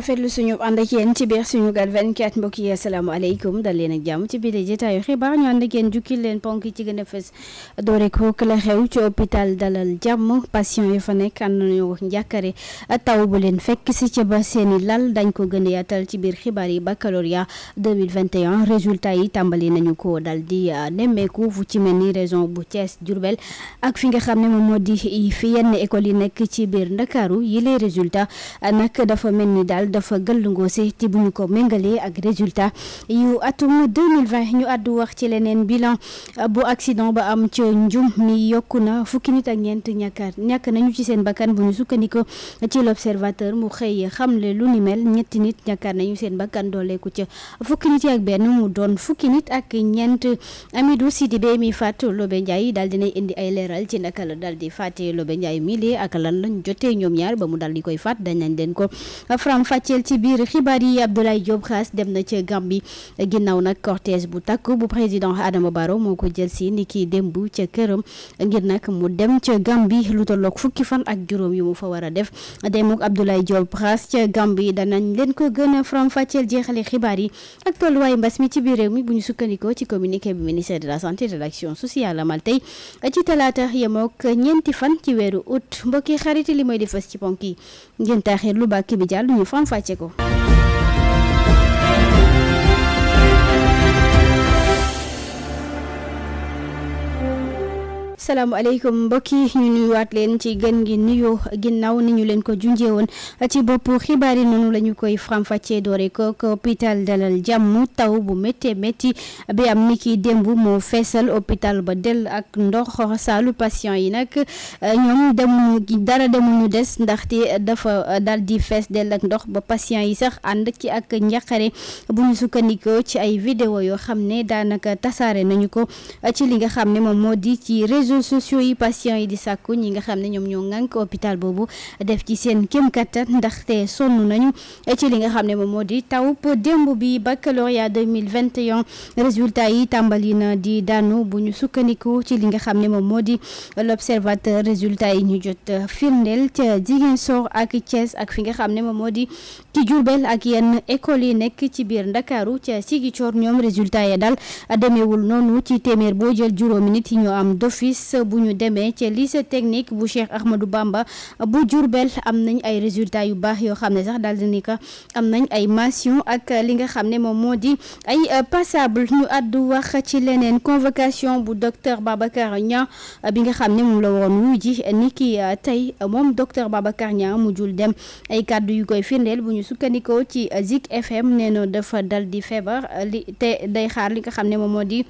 rafetlu suñu ànd ak yéen ci biir suñu gal 24 mbokk yi asalaamaaleykum dal leen ak jàmm ci biir jotaayu xibaar ñu ànd ak yéen jukkil leen ponk a fës doore ko la xew ci hôpital dalal jàmm yi fa nekk ànd nañu wax njàkkare leen fekk si ci ba seeni lal dañ ko gën a yaatal ci biir xibaar yi baccalauréat 2021 résultat yi tàmbali nañu ko dal di ah, nemmeeku fu ci mel ni raison bu Thiès Diourbel ak fi nga xam ne moom moo di fi yenn école yi nekk ci biir Ndakaaru yi les résultats ah, nag dafa mel ni daal dafa gëllngoose ci bu ñu ko méngalee ak résultat yu atum 2020 ñu àddu wax ci leneen bilan bu accident ba am ci njum mi yokk na fukki nit ak ñeent ñàkkaar ñàkk nañu ci seen bakkan bu ñu sukkandikoo ci l'observateur mu xëy xamle lu ni mel ñetti nit ñàkkaar nañu seen bakkan dooleeku ca fukki nit ak benn mu doon fukki nit ak ñeent Amidou Sidibé mi faat Lobé yi daal dinay indi ay leeral ci naka la daal di faatee Lobé Ndiaye mi ak lan lañ jotee ñoom ñaar ba mu daal di koy faat dañ nañ leen ko fàcceel ci biir xibaar yi Abdoulaye Diop Khass dem na ca Gambie ginnaaw nag cortège bu takku bu président Adama Barrow moo ko jël si ni ki démb ca këram ngir nag mu dem ca Gambie lu tolloog fukki fan ak juróom yi mu fa war a def demuk Abdoulaye Diop Khass ca Gambie danañ leen ko gën a faram fàcceel jeexale xibaar yi ak tolluwaayu mbas mi ci biir réew mi bu ñu sukkandikoo ci communiqué bi ministère de la santé de l'action sociale amal tey ci talaata yemook ñeenti fan ci weeru août mbokki xarit li mooy di ci ponk yi ngeen taaxir faram fàcce ko asalaamaaleykum mbokk yi ñu nuyuwaat leen ci gën gi nuyoo ginnaaw ni ñu leen ko junjee woon ci boppu xibaar yi noonu la ñu koy faram-fàccee doore ko hôpital dalal jàmm taw bu méttee métti bi am ni ki démb moo feesal hôpital ba dell ak ndox saalu patient yi nag eh, ñoom demuñu dara demuñu des ndaxte dafa eh, dal di fees del ak ndox ba patient yi sax ànd ci ak njaqare bu ñu sukkandikoo ci ay vidéo yoo xam ne daanaka tasaare nañu ko eh, ci li nga xam ne moom moo réseaux sociaux yi patients yi di sàkku ñi nga xam ne ñoom ñoo ŋànk hôpital boobu def ci seen kéem kattan ndaxte sonn nañu ci li nga xam ne moom moo di taw démb bi baccalauréat 2021 résultat yi tàmbali na di daanu bu ñu sukkandiku ci li nga xam ne moom moo di l'observateur résultat yi ñu jot firndeel ca Ziguinchor ak ces ak fi nga xam ne moom moo di ci Diourbel ak yenn école yi nekk ci biir Ndakaaru ca Ziguinchor ñoom résultat ya daal demeewul noonu ci téeméer boo yi ñoo am bis bu ñu demee ci lycée technique bu Cheikh Ahmadou Bamba bu Diourbel am nañ ay résultats yu baax yoo xam ne sax daal di ni ka am nañ ay mention ak li nga xam ne moom moo di ay passable ñu àddu wax ci leneen convocation bu docteur Babacar Niang bi nga xam ne moom la woon wu ji ni ki euh, tey moom docteur Babacar mu jul dem ay kàddu yu koy firndeel bu ñu sukkandikoo ci Zik FM nee na dafa dal di feebar li te day xaar li nga xam ne moom moo di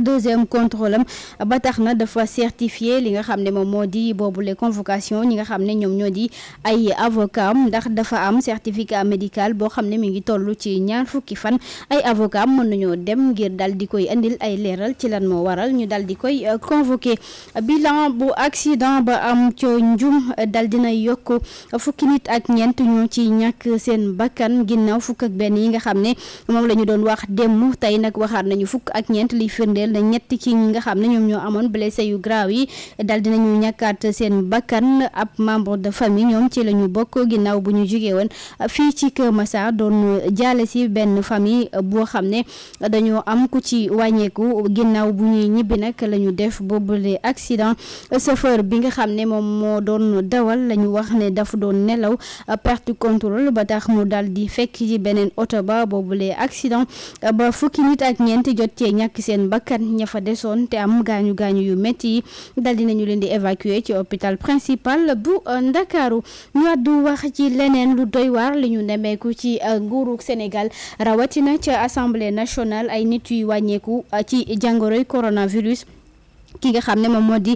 deuxième contrôle ba tax na dafa certifié li nga xam ne moom moo di boobule convocation ñi nga xam ne ñoom ñoo di ay avocat ndax dafa am certificat médical boo xam ne mi ngi toll ci ñaar fukki fan ay avocat mën nañoo dem ngir dal di koy indil ay leeral ci lan moo waral ñu dal di koy euh, convoqué bilan bu accident ba am ca njum euh, dal dina yokk fukki nit ak ñeent ci ñàkk seen bakkan ginnaaw fukk ak benn yi nga xam ne moom la ñu doon wax démb tey nag waxaat nañu fukk ak ñeent liy firnde firndeel na ñetti ci ñi nga xam ne ñoom ñoo amoon blessé yu graaw yi dal dinañu ñàkkaat seen bakkan ab membre de famille ñoom ci la ñu bokk ginnaaw bu ñu jugee woon fii ci Kër Massar doon jaale si benn famille boo xam ne dañoo am ku ci wàññeeku ginnaaw bu ñuy ñibbi nag lañu def def boobule accident chauffeur bi nga xam ne moom moo doon dawal la wax ne daf doon nelaw perte contrôle ba tax mu dal di fekk ci beneen oto ba boobule accident ba fukki nit ak ñeent jot bakkan ña fa desoon te am gaañu gaañu yu métti yi dal dinañu leen di évacuer ci hôpital principal bu euh, Ndakaaru ñu àddu wax ci leneen lu doy waar li ñu ci euh, nguurug Sénégal rawatina ca assemblée nationale ay nit yu wàññeeku euh, ci jàngoroy coronavirus ki nga xam ne moom moo di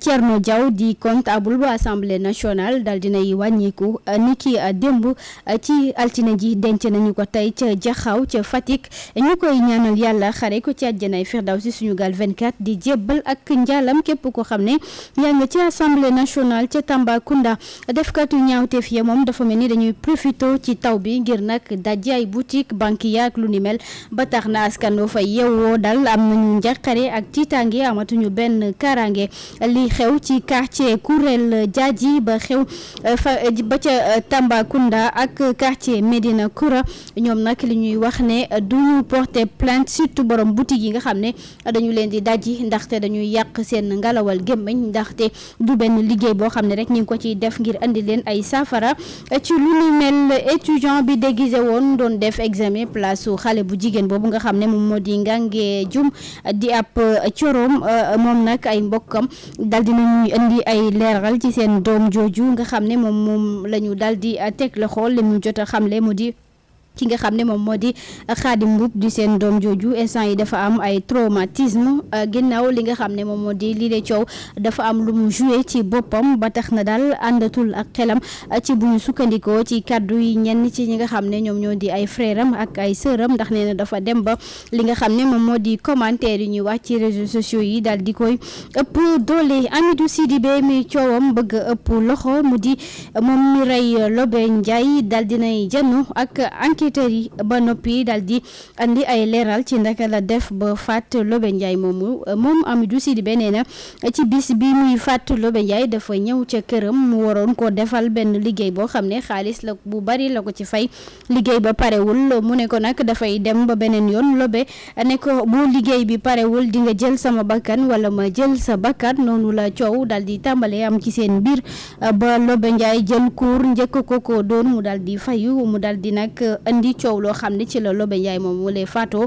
Thierno Diaw di comptable bu assemblée nationale daal dinay wàññiku euh, ni ki euh, démb euh, ci altine ji denc nañu ko tey ca jaxaw ca Fatick ñu koy ñaanal yàlla xare ko ci àjjanay firdawsi suñu gaal 24 di jébbal ak njaalam képp ko xam ne yaa nga ci assemblée nationale ca Tambacounda defkatu ñaawteef ya moom dafa mel ni dañuy profité ci taw bi ngir nag dajji ay boutique banque yaak lu ni mel ba tax na askan woo fa yeewoo dal am nañu njaqare ak tiitaange seen kaaraange li xew ci quartier Kourel Diadji ba xew eh, fa eh, ba ca eh, Tambacounda ak quartier Médina Koura ñoom nag li ñuy wax ne du ñu porter plainte surtout borom boutique yi nga xam ne dañu leen di dajji ndaxte dañuy yàq seen ngalawal gémmiñ ndaxte du benn liggéey boo xam ne rek ñu ngi ko ciy def ngir indi leen ay saafara ci lu ñu mel étudiant bi déguisé woon doon def examen place xale bu jigéen boobu nga xam ne moom moo di Ngange Dioum di ab coroom moom nag ay mbokkam dal di nañuy indi ay leeral ci seen doom jooju nga xam ne moom moom la ñu dal di eh, teg la xool li mu jot a xamle mu di ki nga xam ne moom moo di Xaadim uh, Mbub di seen doom jooju instant yi dafa am ay traumatisme uh, ginnaaw li nga xam ne moom moo di lii de coow dafa am lu mu joué ci boppam ba tax na daal àndatul ak xelam uh, ci bu sukkandikoo ci kàddu yi ñenn ci ñi nga xam ne ñoom ñoo di ay frèram ak ay sëram ndax nee dafa dem ba li nga xam ne moom moo di commentaire yu ñuy wax ci réseaux sociaux yi daal di koy ëpp doole Amidou Sidibé mi coowam bëgg ëpp loxo mu di moom mi rey Lobé Ndiaye daal dinay janu ak enquêteurs yi ba noppi daal di andi ay leeral ci ndaka la def ba faat Lobe Ndiaye moom moom am Amidou Sidibé nee a ci bis bi muy fàtt Lobe Ndiaye dafa ñëw ca këram mu waroon ko defal benn liggéey boo xam ne xaalis la bu bari la ko ci fay liggéey ba parewul mu ne ko nag dafay dem ba beneen yoon Lobe ne ko bu liggéey bi parewul dinga nga jël sama bakkan wala ma jël sa bakkan noonu la coow daal di tàmbalee am ci seen biir ba Lobe Ndiaye jël kuur njëkk ko ko doon mu daal di mu daal di indi coow loo xam ne ci la Lobe Ndiaye moom mu lay faatoo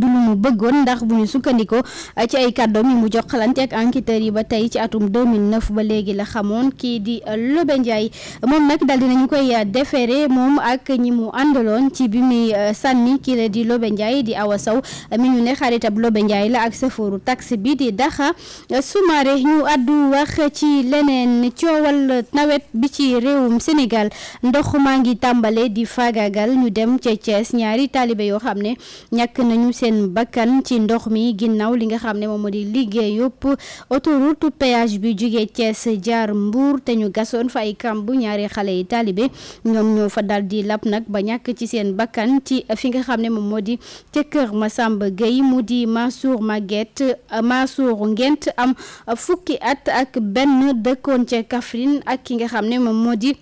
du lu mu bëggoon ndax bu ñu sukkandikoo ci ay kàddoom yi mu jox xalante ak enquêteurs yi ba tey ci atum 2009 ba léegi la xamoon kii di euh, Lobé Ndiaye moom nag daal dinañu koy euh, defere moom ak ñi mu àndaloon ci bi muy euh, sànni kii la di lobe Ndiaye di Awa Sow mi ñu ne xaritab lobe njaay la ak sëfooru taxi bi di Daxa Soumaré ñu àddu wax ci leneen coowal nawet bi ci réewum Sénégal ndox maa ngi tàmbalee di fagagal ñu dem ca Thiès ñaari taalibe yoo xam ne ñàkk nañu seen bakkan ci ndox mi ginnaaw li nga xam ne moom moo di liggéey yëpp autoroute péyage bi jugee Thiès jaar mbuur te ñu gasoon fa ay kamb ñaari xale yi taalibe ñoom ñoo fa dal di lab nag ba ñàkk ci seen bakkan ci fi nga xam ne moom moo di ca kër ma Massamba Gueye mu di Mansour Maguette Mansour Ngent am fukki at ak benn dëkkoon ca Kaffrine ak ki nga xam ne moom moo di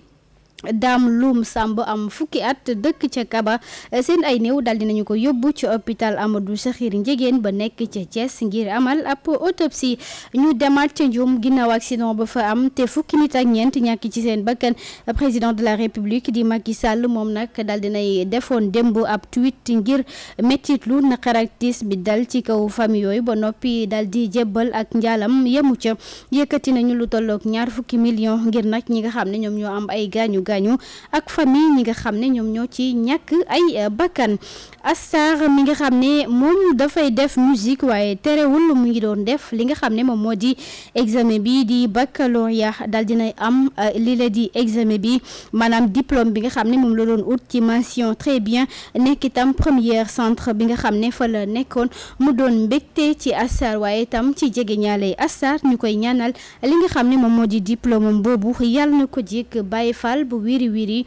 Dame Loum sàmb am fukki at dëkk ca Kaba seen ay néew daal nañu ko yóbbu ci hôpital Amadou Sakhir Ndiéguène ba nekk ca Thiès ngir amal ab autopsie ñu demaat ca Ndioum ginnaaw accident ba fa am te fukki nit ak ñeent ñàkk ci seen bakkan président de la République di Macky Sall moom nag daal nay defoon démb ab tweet ngir mettitlu na ak bi dal ci kaw famille yooyu ba noppi daal di jébbal ak njaalam yemu ca yëkkati nañu lu tolloog ñaar fukki million ngir nag ñi nga am ay gaañu ak famille ñi nga xam ne ñoom ñoo ci ñàkk ay euh, bakkan Astar mi nga xam ne moom dafay def musique waaye terewul mu ngi doon def li nga xam ne moom moo di examen bi di baccalauréat daal dinay am euh, li la di examen bi maanaam diplôme bi nga xam ne moom la doon ut ci mention très bien nekk itam première centre bi nga xam ne fa la nekkoon mu doon mbégte ci Astar waaye itam ci jege ñaale Astar ñu koy ñaanal li nga xam ne moom moo di diplôme boobu yàlla na ko jik Baye Fall bu wiiri wiiri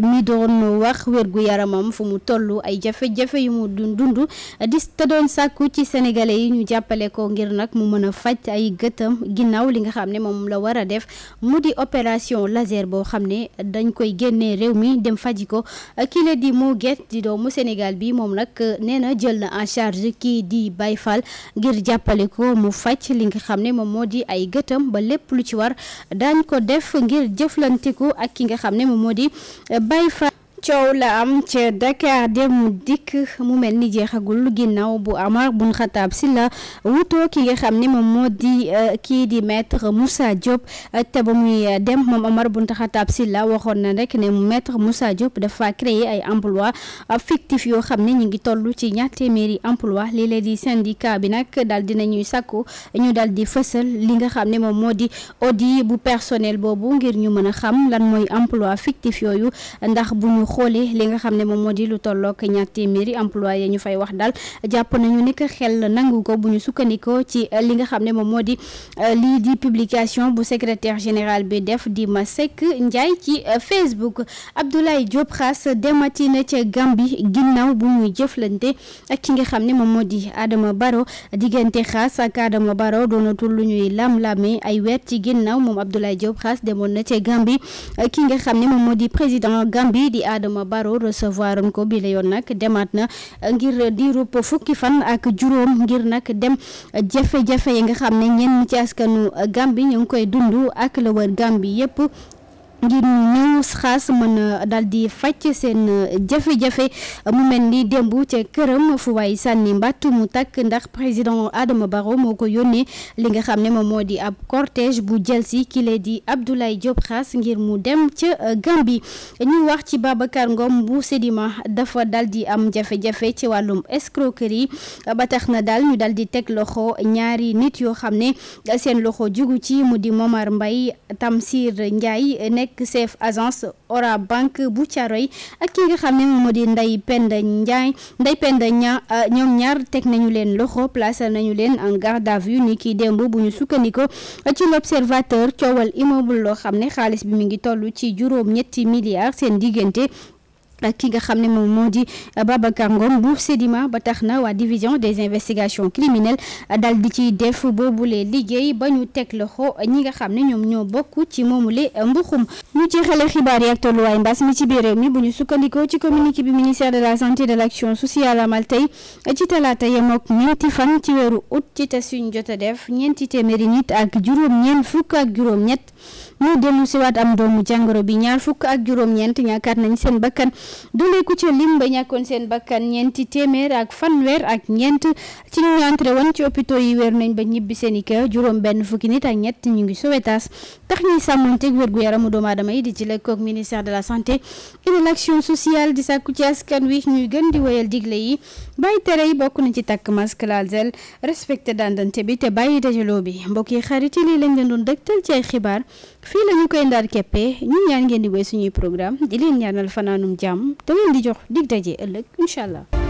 mi doon wax wér gu yaramam fu mu tollu ay jafe-jafe yu mu dund di te doon sàkku ci sénégalais yi ñu jàppale ko ngir nag mu mën a faj ay gëtam ginnaaw li nga xam ne moom la war a def mu di opération laser boo xam ne dañ koy génnee réew mi dem faji ko kii la di moo get di doomu Sénégal bi moom nag nee na jël na en charge kii di Baye Fall ngir jàppale ko mu faj li nga xam ne moom moo di ay gëtam ba lépp lu ci war daañ ko def ngir jëflantiku ak ki nga xam ne moom moo di Baye Fall coow la am ca Dakar dem dikk mu mel ni jeexagul ginnaaw bu Amar bun Xataab si la wutoo ki nga xam ni moom moo di eh, kii di maître Moussa Diop eh, te ba muy dem moom Amar bun Xataab si la waxoon na rek ne maître Moussa Diop dafa créer ay emploi eh, fictif yoo xam ni ñu ngi toll ci ñaar téeméeri emploi lii la di syndicat bi nag daal dina ñuy sàkku ñu daal di fësal li nga xam ne moom moo di audit bu personnel boobu ngir ñu mën a xam lan mooy emploi fictif yooyu ndax bu ñu xoolee li nga xam ne moom moo di lu tollook ñaar téeméeri employé ñu fay wax daal jàpp nañu ni xel nangu ko bu ñu sukkandikoo ci euh, li nga xam ne moom moo di euh, lii di publication bu secretaire général bi def di ma Masseck Ndiaye ci euh, Facebook Abdoulaye Diop Xaas demati na ca Gambie ginnaaw bu muy jëflante ak ki nga xam ne moom moo di Adama Baro diggante Xaas ak Adama Baro doonatul lu ñuy lam-lame ay weer ci ginnaaw moom Abdoulaye Diop Xaas demoon na ca Gambie ki nga Adama Barrow recevoiroon ko bi yoon nag demaat na ngir diirub fukki fan ak juróom ngir nag dem jafe-jafe yi nga xam ne ñenn ci askanu Gambie ñu ngi koy dund ak la wër Gambie yépp ngir ñëw xas mën a daal di faj seen euh, jafe-jafe mu mel ni démb ca këram fu waay sànni mbàtt mu takk ndax président Adama Barrow moo ko yónnee li nga xam ne moom moo di ab cortége bu jël si kile di Abdoulaye Diop xas ngir mu dem ca euh, Gambie ñu wax ci Babacar Ngom bu Sedima dafa dal di am jafe-jafe ci wàllum escroquerie ba tax na daal ñu dal di teg loxo ñaari nit yoo xam ne seen loxo jugu ci mu di Momar mbay Tamsir Ndiaye nekk nekk chef agence Ora Banque bu Thiaroye ak ki nga xam ne moom moo di nday Penda Ndiaye Ndeye Penda ña euh, ñoom ñaar teg nañu leen loxo placé nañu leen en garde à vue ni ki démb bu ñu sukkandiko ci l'observateur coowal immeuble loo xam ne xaalis bi mi ngi toll ci juróom ñetti milliards seen diggante ak ki nga xam ne moom moo di euh, Babacar Ngom bu Sedima ba tax na waa division des investigations criminelles euh, dal di ci def boobule liggéey ba ñu teg loxo ñi nga xam ne ñoom ñoo bokk ci moomule euh, mbuxum ñu jeexale xibaar yi ak tolluwaay mbaas mi ci biir réew mi bu ñu sukkandikoo ci communiqué bi ministère de la santé de l' action sociale amal tey ci talaata yem ak ñeenti fan ci weeru août ci te suñ jot a def ñeenti téeméeri nit ak juróom-ñeent fukk ak juróom-ñett ñu dellu siwaat am doomu jàngoro bi ñaar fukk ak juróom-ñeent ñaakaar nañ seen bakkan dooleeku ca lim ba ñàkkoon seen bakkan ñeenti téeméer ak fanweer ak ñeent ci ñu entré woon ci hôpitaux yi weer nañ ba ñibbi seen i kër juróom benn fukki nit ak ñett ñu ngi Sowétas tax ñuy sàmmanteeg gu yaramu doomu aadama yi di ci lekkoog ministère de la santé et de sociale di sàkku ci askan wi ñuy gën di woyal digle yi bàyyi tere yi bokk nañ ci takk masque laal zel respecté dandante bi te bàyyi dajaloo bi mbokk yi xarit yi lii lañ leen doon dëgtal ci ay xibaar fii la koy ndaar keppe ñu ñaan ngeen di woy suñuy programme di leen ñaanal fanaanum jàmm am te leen di jox dig daje ëllëg incha allah.